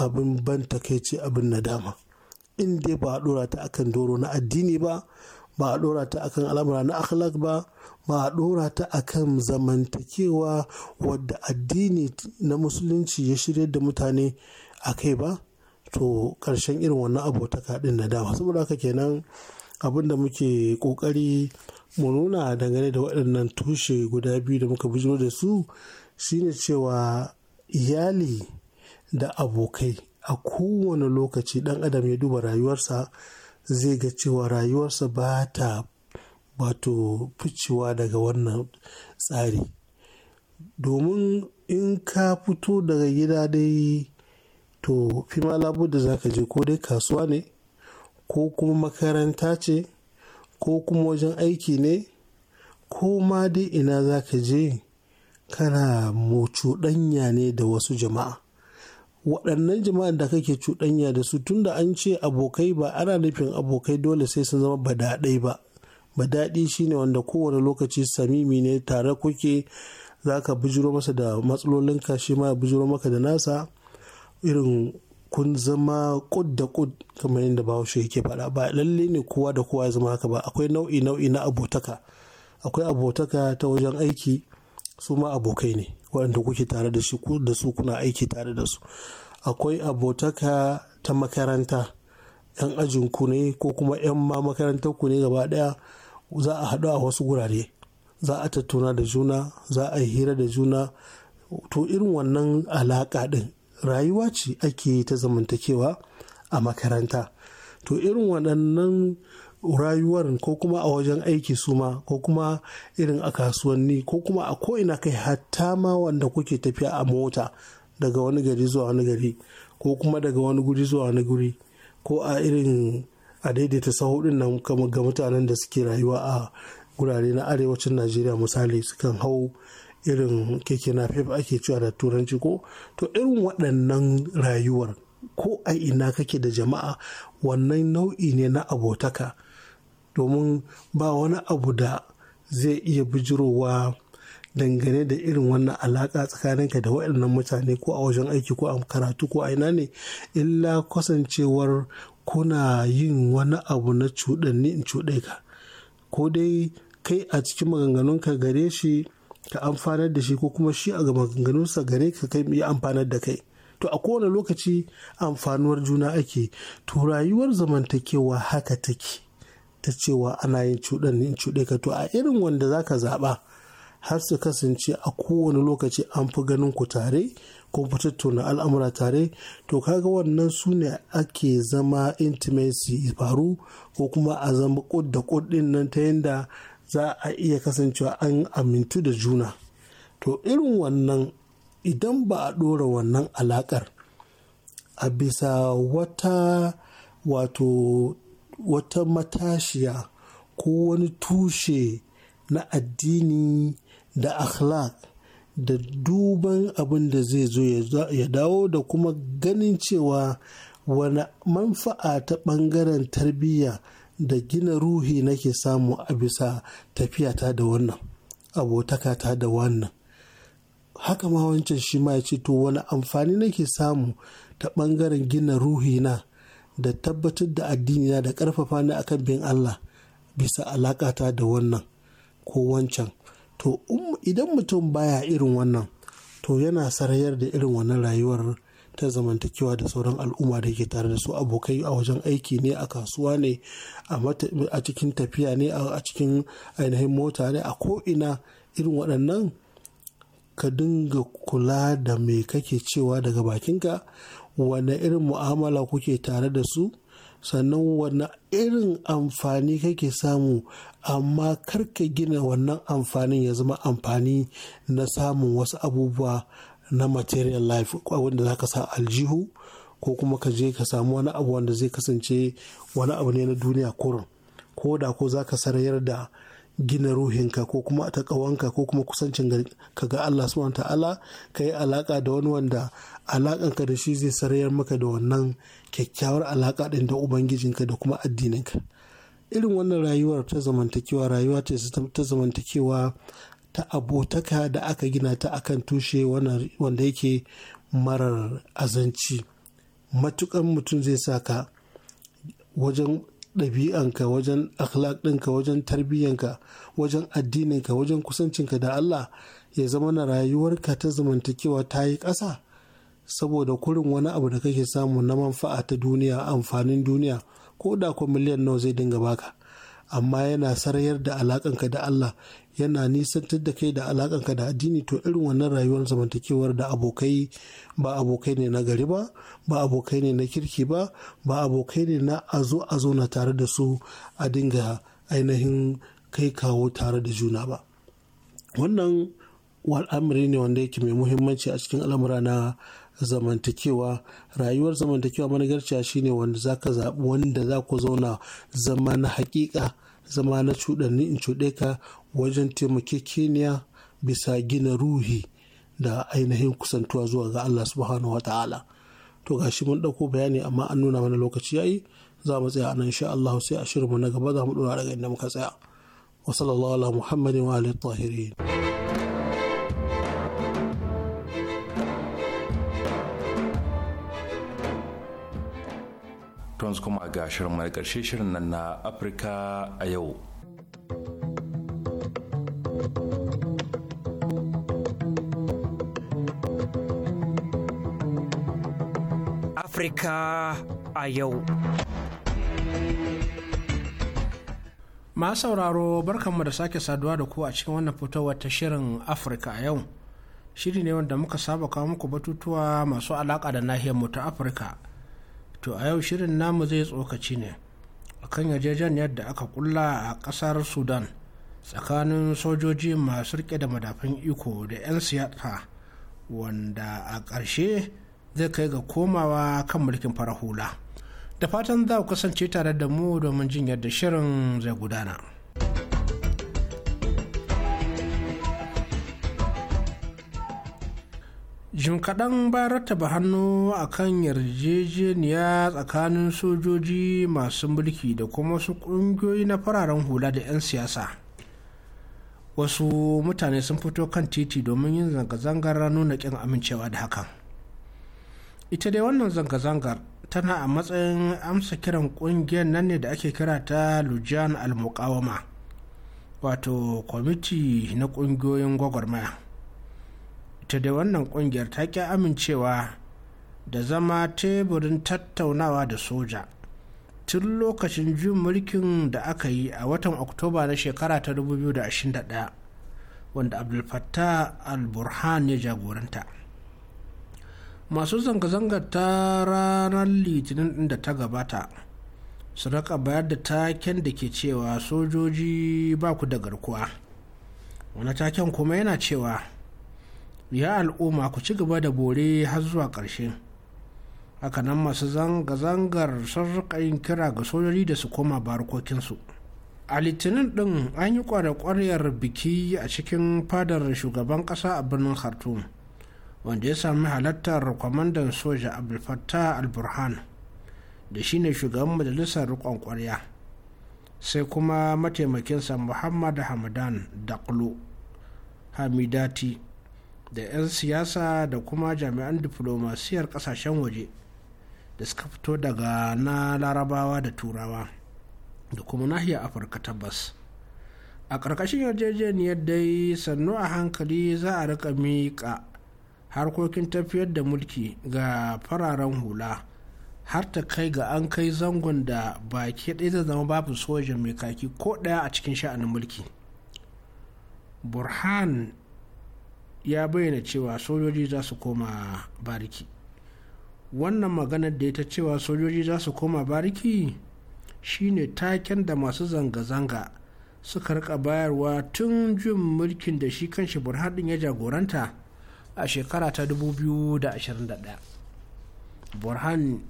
abin ban takaici abin nadama in dai ba a ɗorata ta akan doro na addini ba ba a dora ta akan al'amura na akhlak ba ba a ɗorata ta akan zamantakewa wadda addini na musulunci ya shirya da mutane a kai ba to ƙarshen irin wannan abotaka ɗin na dama saboda haka kenan abin da muke ƙoƙari mu nuna dangane da waɗannan tushe guda biyu da muka bujiro da su shine cewa iyali da abokai a kowane lokaci ɗan adam ya duba rayuwarsa zai ga cewa rayuwarsa ba ta wato ficewa daga wannan tsari domin in ka fito daga gida dai to fi ma da za ka je ko dai kasuwa ne ko kuma makaranta ce ko kuma wajen aiki ne ko ma dai ina za ka je kana cuɗanya ne da wasu jama'a waɗannan jama'an da kake cuɗanya da su tunda an ce abokai ba ana nufin abokai dole sai sun zama ba badaɗai ba badaɗi shine wanda kowane lokaci samimi ne tare kuke za ka bijiro masa da matsalolinka shi ma ya bijiro maka da nasa irin kun zama kud da kud kamar yadda bahaushe yake faɗa ba lalle ne kowa da kowa ya zama haka ba akwai nau'i nau'i na abotaka akwai abotaka ta wajen aiki su ma abokai ne waɗanda kuke tare da shi ku da su kuna aiki tare da su akwai abotaka ta makaranta yan ajin ku ne ko kuma yan ma makarantar ku ne gaba ɗaya za a haɗu a wasu gurare za a tattuna da juna za a hira da juna to irin wannan alaƙa ɗin rayuwa ce ake yi ta zamantakewa a makaranta to irin waɗannan rayuwar ko kuma a wajen aiki suma ko kuma irin a kasuwanni ko kuma a ko'ina kai hatta ma wanda kuke tafiya a mota daga wani gari zuwa wani gari ko kuma daga wani guri zuwa wani guri ko a irin a daidaita sahudin nan ga mutanen da suke rayuwa a gurare na arewacin najeriya misali sukan hau irin keke na ake cewa da turanci ko to irin waɗannan rayuwar ko a ina kake da jama'a wannan nau'i ne na abotaka domin ba wani abu da zai iya bijirowa dangane da irin wannan alaƙa tsakaninka da waɗannan mutane ko a wajen aiki ko a karatu ko a ina ne illa kasancewar kuna yin wani abu na cuɗanni in cuɗe ka ko dai kai a cikin maganganun ka gare shi ka amfanar da shi ko kuma shi a maganganunsa gare ka kai ya amfanar da kai to a kowane lokaci amfanuwar juna ake to rayuwar zamantakewa haka take ta cewa ana yin cuɗan cuɗe ka to a irin wanda za ka zaɓa har su kasance a kowane lokaci an fi ganin ku tare ko fi tattauna al'amura tare to kaga wannan su ne ake zama intimacy faru ko kuma a zama kud da nan ta yadda za a iya kasancewa an amintu da juna to irin wannan idan ba a ɗora wannan alaƙar a bisa wata wato wata matashiya ko wani tushe na addini da akhlaq da duban abin da zai zo ya dawo da kuma ganin cewa wani manfa'a ta ɓangaren tarbiyya da gina ruhi nake samu a bisa tafiyata da wannan abotakata da wannan haka ma wancan shi ma ya ce to wani amfani nake samu ta ɓangaren gina ruhi na da tabbatar da addini na da ƙarfafa ni kan bin Allah bisa alaƙata da wannan ko wancan to um, idan mutum baya irin wannan to yana sarayar da irin wannan rayuwar ta zamantakewa da sauran al'umma da ke tare da su abokai a wajen aiki ne a kasuwa ne a cikin tafiya ne a cikin ainihin mota ne a ko'ina irin waɗannan ka dinga kula da me kake cewa daga bakinka wane irin mu'amala kuke tare da su sannan wane irin amfani kake samu amma karka gina wannan amfanin ya zama amfani na samun wasu abubuwa na material life ko wanda za ka sa aljihu ko kuma ka je ka samu wani abu wanda zai kasance wani abu ne na duniya kurin ko da ko za ka sarayar da gina ruhinka ko kuma a takawanka ko kuma kusancin ka ga Allah su subhanahu ta'ala ka yi alaƙa da wani wanda alaƙanka da shi zai sarayar maka da wannan kyakkyawar alaƙa ɗin da ubangijinka da kuma addininka irin wannan rayuwar ta zamantakewa rayuwa ce ta zamantakewa ta abotaka da aka gina ta akan tushe wanda yake marar azanci matukan mutum zai sa ka wajen ɗabi'anka wajen ɗinka wajen tarbiyyanka wajen addininka wajen kusancinka da Allah ya zama na rayuwarka ta zamantakewa ta yi ƙasa saboda kurin wani abu da kake samu na manfa'a ta duniya amfanin duniya ko da kwa miliyan nawa zai dinga baka amma yana sarayar da alakanka da Allah yana nisantar da kai da alakanka da addini to irin wannan rayuwar zamantakewar da abokai ba abokai ne na gari ba ba abokai ne na kirki ba ba abokai ne na azo a na tare da su a dinga ainihin kai kawo tare da juna ba wannan al'amari ne wanda yake mai muhimmanci a cikin al'amura na zamantakewa rayuwar zamantakewa managarciya shine wanda za wanda za ku zauna zama na hakika zama na cuɗanni in cuɗe ka wajen keniya bisa gina ruhi da ainihin kusantuwa zuwa ga Allah subhanahu wa ta'ala to ga shi mun ɗauko bayani amma an nuna mana lokaci yayi za mu tsaya anan insha Allah sai a shirinmu na gaba za mu ɗora daga inda muka tsaya wa sallallahu ala muhammadin wa alihi tahirin yanzu kuma ga shirin mai karshe shirin nan na afirka a yau afirka a yau ma sauraro barkanmu da sake saduwa da ku a cikin wannan fitowar ta shirin afirka a yau shiri ne wanda muka saba kawo muku batutuwa masu alaka da nahiyar mu ta afirka to a yau shirin namu zai tsokaci ne akan yajejen yadda aka kulla a kasar sudan tsakanin sojoji masu rike da madafin iko da 'yan siyasa wanda a ƙarshe zai kai ga komawa kan mulkin farahula da fatan za ku kasance tare da mu domin jin yadda shirin zai gudana. jim kaɗan bayan rattaba hannu a kan yarjejeniya tsakanin sojoji masu mulki da kuma wasu ƙungiyoyi na fararen hula da 'yan siyasa wasu mutane sun fito kan titi domin yin zanga-zangar nuna ƙin amincewa da hakan ita dai wannan zanga-zangar tana a matsayin amsa kiran ƙungiyar nan ne da ake kira ta lujan al-muqawama wato kwamiti na ƙungiyoyin gwagwarmaya ita da wannan kungiyar ta ki amincewa da zama teburin tattaunawa da soja tun lokacin jin mulkin da aka yi a watan oktoba na shekara ta 2021 wanda abdulfattah al-burhan ya jagoranta masu zanga zanga ta ranar litinin ɗin da ta gabata su raka bayar da taken da ke cewa sojoji ba ku da garkuwa wani taken kuma yana cewa ya al'umma ku ci gaba da bore har zuwa ƙarshe hakanan masu zanga-zangar sun rika yin kira ga sojoji da su koma barkokinsu a litinin ɗin an yi kware-kwaryar biki a cikin fadar shugaban ƙasa a birnin khartoum wanda ya sami halartar kwamandan soja abulfatta al-burhan da shine shugaban majalisar rikon kwarya sai kuma mataimakinsa muhammad hamadan daklo hamidati da 'yan siyasa da kuma jami'an diflomasiyar kasashen waje da suka fito daga na larabawa da turawa da kuma nahiyar afirka tabbas a ƙarƙashin yarjejeniyar dai sannu a hankali za a rika miƙa harkokin tafiyar da mulki ga fararen hula har ta kai ga an kai zangon da baki ɗaya zai zama babu soja mai kaki ko ɗaya a cikin sha'anin mulki burhan ya bayyana cewa sojoji za su koma bariki wannan maganar da ita cewa sojoji za su koma bariki shine taken da masu zanga-zanga suka rika bayarwa tun jin mulkin da shi kan shi burhadin ya jagoranta a shekara ta 2021 burhan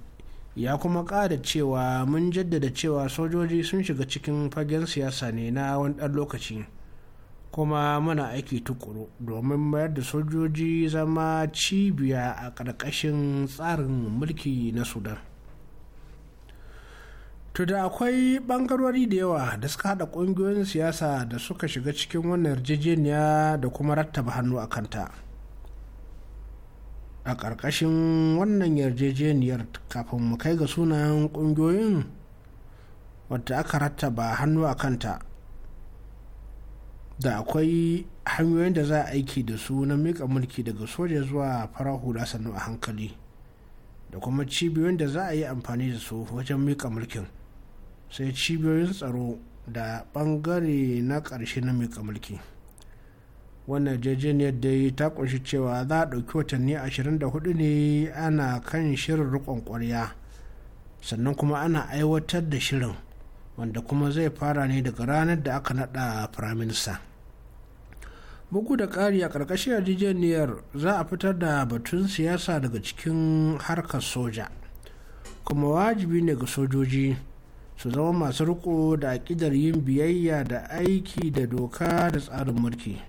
ya kuma ƙada cewa mun jaddada cewa sojoji sun shiga cikin fagen siyasa ne na wani ɗan lokaci kuma muna aiki tukuru domin mayar da sojoji zama cibiya a ƙarƙashin tsarin mulki na sudan to da akwai ɓangarori da yawa da suka haɗa ƙungiyoyin siyasa da suka shiga cikin wannan yarjejeniya da kuma rattaba hannu a kanta a ƙarƙashin wannan yarjejeniyar kafin mu kai ga sunayen ƙungiyoyin wadda aka rattaba hannu a kanta da akwai hanyoyin da za a aiki da su na miƙa mulki daga soja zuwa fara hula sannu a hankali da kuma cibiyoyin da za a yi amfani da su wajen miƙa mulkin sai cibiyoyin tsaro da ɓangare na ƙarshe na miƙa mulki wannan yarjejeniyar dai ta kunshi cewa za a ɗauki watanni 24 ne ana kan shirin riƙon ƙwarya sannan kuma ana aiwatar da shirin wanda kuma zai fara ne daga ranar da aka naɗa firaminista. bugu da ƙari a ƙarƙashin yarjejeniyar za a fitar da batun siyasa daga cikin harkar soja kuma wajibi ne ga sojoji su zama masu riko da aƙidar yin biyayya da aiki da doka da tsarin mulki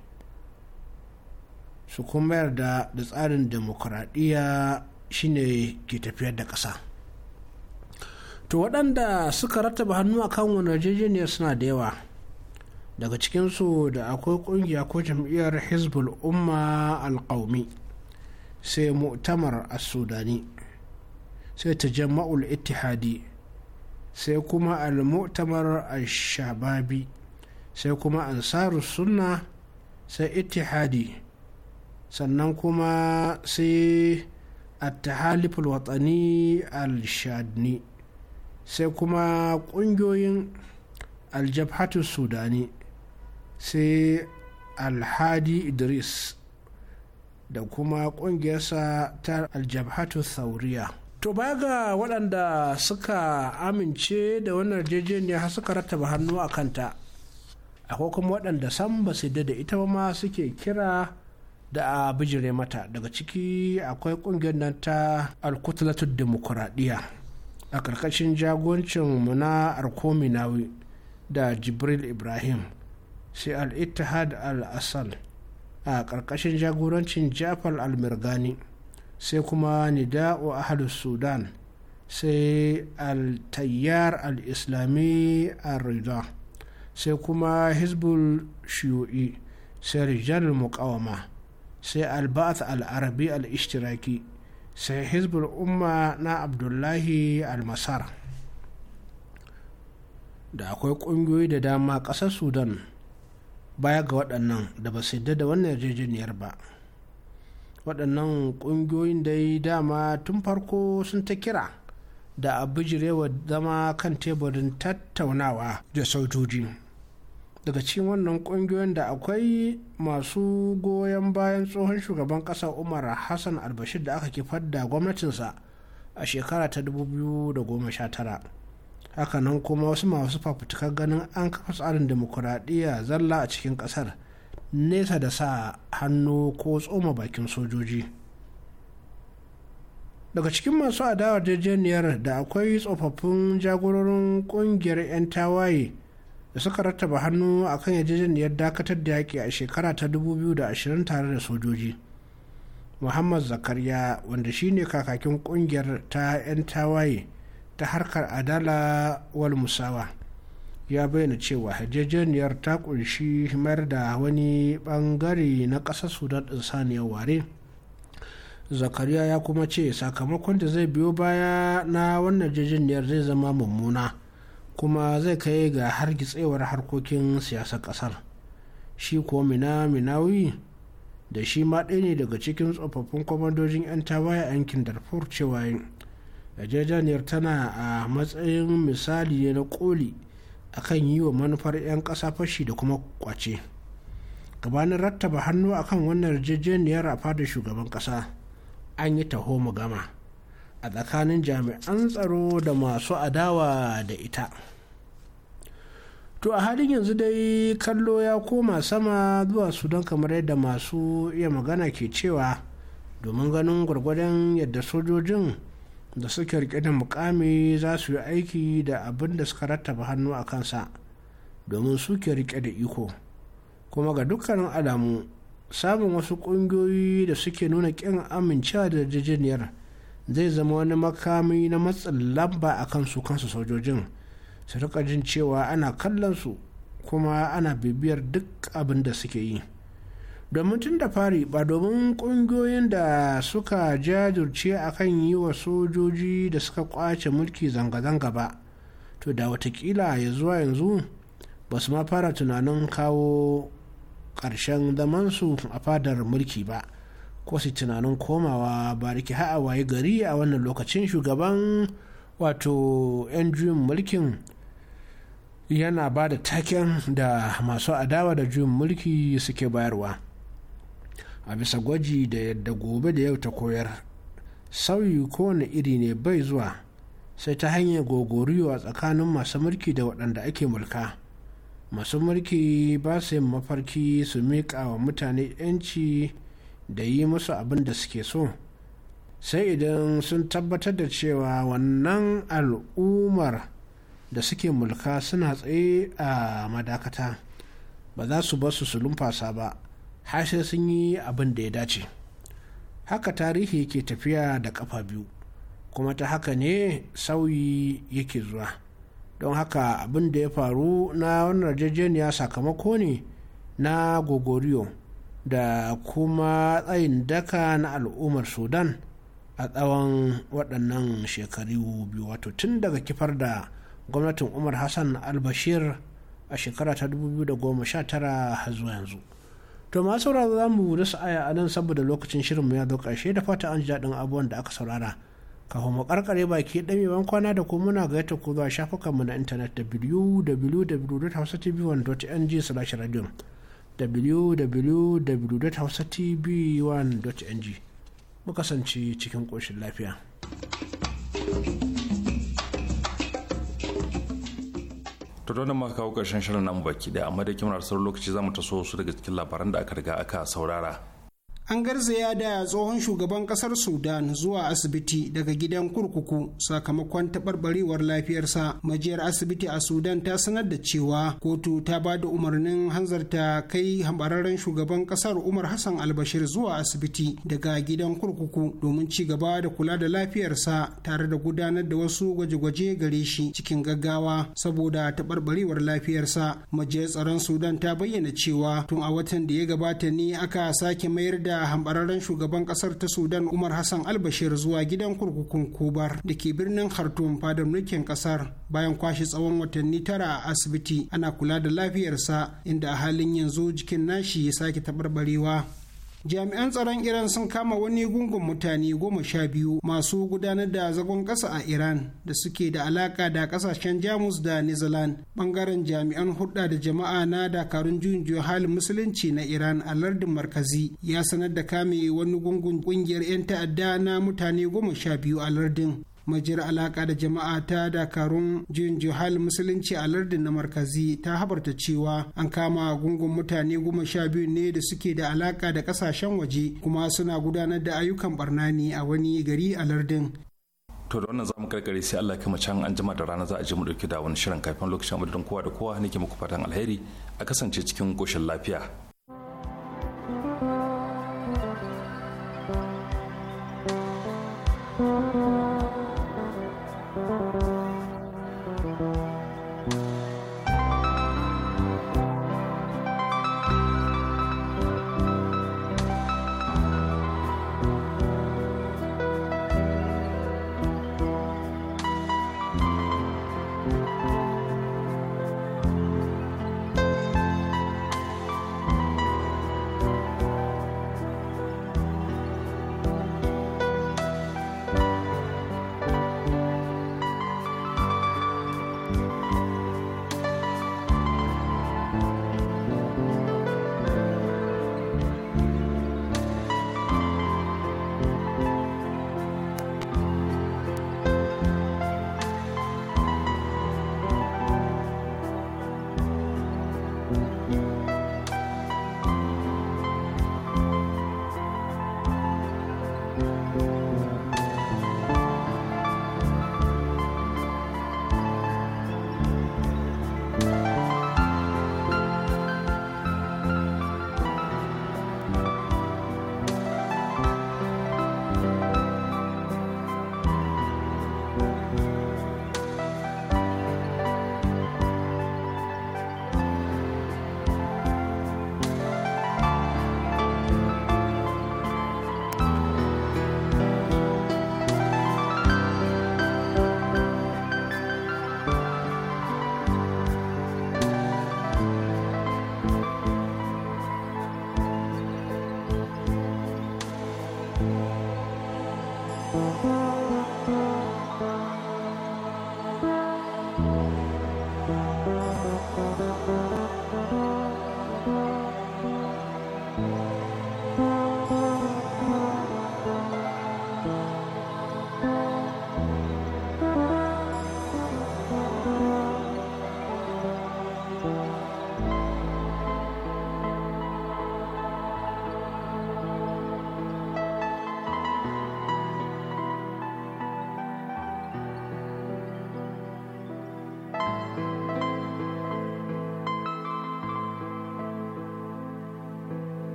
su kuma yarda da tsarin demokuraɗiyya shine ke tafiyar da ƙasa to waɗanda suka rattaba hannu a kan wani yarjejeniyar suna da yawa daga cikinsu da akwai kungiya ko jam'iyyar hezbollah umma alƙaumi sai mu'tamar a sudani sai tajamma'ul ittihadi sai kuma al-mu'tamar al-shababi sai kuma ansaru sunna sai ittihadi sannan kuma sai attahaliful watsani al-shadni sai kuma ƙungiyoyin aljabhatu sudani sai alhadi idris da kuma kungiyarsa ta aljabhatu sauriya to ba ga waɗanda suka amince da wannan yarjejeniya har suka rattaba hannu a kanta akwai kuma waɗanda san ba su da ita ma suke kira da a bijire mata daga ciki akwai ƙungiyar nan ta alkutlatu demokuraɗiyya a ƙarƙashin jagorancin muna arkominawi da jibril ibrahim sai al-ittihad al-asal a ƙarƙashin jagorancin jafar al-mirgani sai kuma nida'u ahlus sudan sai al-tayyar al-islami al-rida sai kuma hezbollah shiyoyi sai rijal muqawama sai al-ba'ath al-arabi al-ishtiraki sai hezbollah umma na abdullahi al-masar da akwai ƙungiyoyi da dama ƙasar sudan baya ga waɗannan da ba su yadda da wannan yarjejeniyar ba waɗannan ƙungiyoyin dai dama tun farko sun ta kira da a bijirewa zama kan teburin tattaunawa da sojoji daga cikin wannan ƙungiyoyin da akwai masu goyon bayan tsohon shugaban ƙasa umar hassan albashir da aka kifar da gwamnatinsa a shekara ta 2019 hakanan kuma wasu masu fafutukar ganin an kafa tsarin demokuraɗiyya zalla a cikin ƙasar nesa da sa hannu ko tsoma bakin sojoji daga cikin masu adawar jejeniyar da akwai tsofaffin jagororin ƙungiyar 'yan tawaye da suka rattaba hannu a kan yarjejeniyar dakatar da yaƙi a shekara ta 2020 tare da sojoji muhammad zakariya wanda shine kakakin kungiyar ta 'yan tawaye ta harkar adala wal musawa ya bayyana cewa hajjajeniyar ta kunshi mayar da wani bangare na ƙasar sudan ɗin saniyar ware zakariya ya kuma ce sakamakon da zai biyo baya na wannan jajiniyar zai zama mummuna kuma zai kai ga hargitsewar harkokin siyasar ƙasar. shi kuwa mina minawi da shi ma ɗaya ne daga cikin tsofaffin kwamandojin 'yan tawaye yankin darfur cewa yarjejeniyar tana a matsayin misali ne na koli akan yi wa manufar 'yan ƙasa fashi da kuma kwace gabanin rattaba hannu akan wannan yarjejeniyar a fadar shugaban ƙasa an yi taho mu gama a tsakanin jami'an tsaro da masu adawa da ita to a halin yanzu dai kallo ya koma sama zuwa sudan kamar yadda masu iya magana ke cewa domin ganin gwargwadon yadda sojojin da suke rike da mukami za su yi aiki da abin da suka rattaba hannu a kansa domin suke rike da iko kuma ga dukkanin alamu samun wasu ƙungiyoyi da suke nuna ƙin amincewa da yarjejeniyar zai zama wani makami na matsin lamba a kansu kansu sojojin su rika jin cewa ana kallon su kuma ana bibiyar duk abin da suke yi domin tun da fari ba domin kungiyoyin da suka jajirce a kan yi wa sojoji da suka kwace mulki zanga-zanga ba to da watakila ya zuwa yanzu ba su ma fara tunanin kawo ƙarshen su a fadar mulki ba ko su tunanin komawa bariki ha'a waye gari a wannan lokacin shugaban wato 'yan juyin mulkin yana ba da taken da masu adawa da juyin mulki suke bayarwa. a bisa gwaji da yadda gobe da yau ta koyar sauyi kowane iri ne bai zuwa sai ta hanyar gogoriyo a tsakanin masu mulki da waɗanda ake mulka masu mulki ba su yin mafarki su miƙa wa mutane 'yanci da yi musu abin da suke so sai idan sun tabbatar da cewa wannan al'ummar da suke mulka suna tsaye a madakata ba za su basu su lumfasa ba sai sun yi abin da ya dace haka tarihi ke tafiya da kafa biyu kuma ta haka ne sauyi yake zuwa don haka abin da ya faru na wannan yarjejeniya sakamako ne na gogoriyo da kuma tsayin daka na al'ummar sudan a tsawon waɗannan shekaru biyu wato tun daga kifar da gwamnatin umar hassan albashir a shekara ta 2019 zuwa yanzu to ma sauraro za mu da aya a nan saboda lokacin shirinmu ya zo ƙarshe da fata an ji daɗin abubuwan da aka saurara kafin mu karkare baki ɗamewan kwana da kuma muna gayyata ku zuwa mu na intanet www.hausatv1.ng slash radio www.hausatv1.ng mu kasance cikin ƙoshin lafiya. thank you to don ma kawo karshen shirin nan baki da amma da kimar sauran lokaci zamu taso su daga cikin labaran da aka riga aka saurara an garzaya da tsohon shugaban kasar sudan zuwa asibiti daga gidan kurkuku sakamakon taɓarɓarewar lafiyarsa majiyar asibiti a sudan ta sanar da cewa kotu ta ba da umarnin hanzarta kai hambararren shugaban kasar umar hassan albashir zuwa asibiti daga gidan kurkuku domin ci gaba da kula da lafiyarsa tare da gudanar da wasu gwaje-gwaje gare shi cikin gaggawa saboda taɓarɓarewar lafiyarsa majiyar tsaron sudan ta bayyana cewa tun a watan da ya gabata ne aka sake mayar da A hambararren shugaban kasar ta sudan umar hassan albashir zuwa gidan kurkukun kubar da ke birnin khartoum fadar mulkin kasar bayan kwashe tsawon watanni tara a asibiti ana kula da lafiyarsa inda a halin yanzu jikin nashi ya sake taɓarɓarewa jami'an tsaron iran sun kama wani gungun mutane goma sha biyu masu gudanar da zagon ƙasa a iran da suke da alaka da ƙasashen jamus da netherlands ɓangaren jami'an hulɗa da jama'a na dakarun juyin halin musulunci na iran a lardin markazi ya sanar da kame wani gungun ƙungiyar 'yan ta'adda na mutane goma sha biyu a lardin majiyar alaka da jama'a ta dakarun jin juhal musulunci a lardin na markazi ta habarta cewa an kama gungun mutane goma sha biyu ne da suke da alaka da kasashen waje kuma suna gudanar da ayyukan barna a wani gari a lardin to da wannan zamu karkare sai Allah kuma can an jima da rana za a je mu dauki da wani shirin kafin lokacin abudin kowa da kowa nake muku fatan alheri a kasance cikin koshin lafiya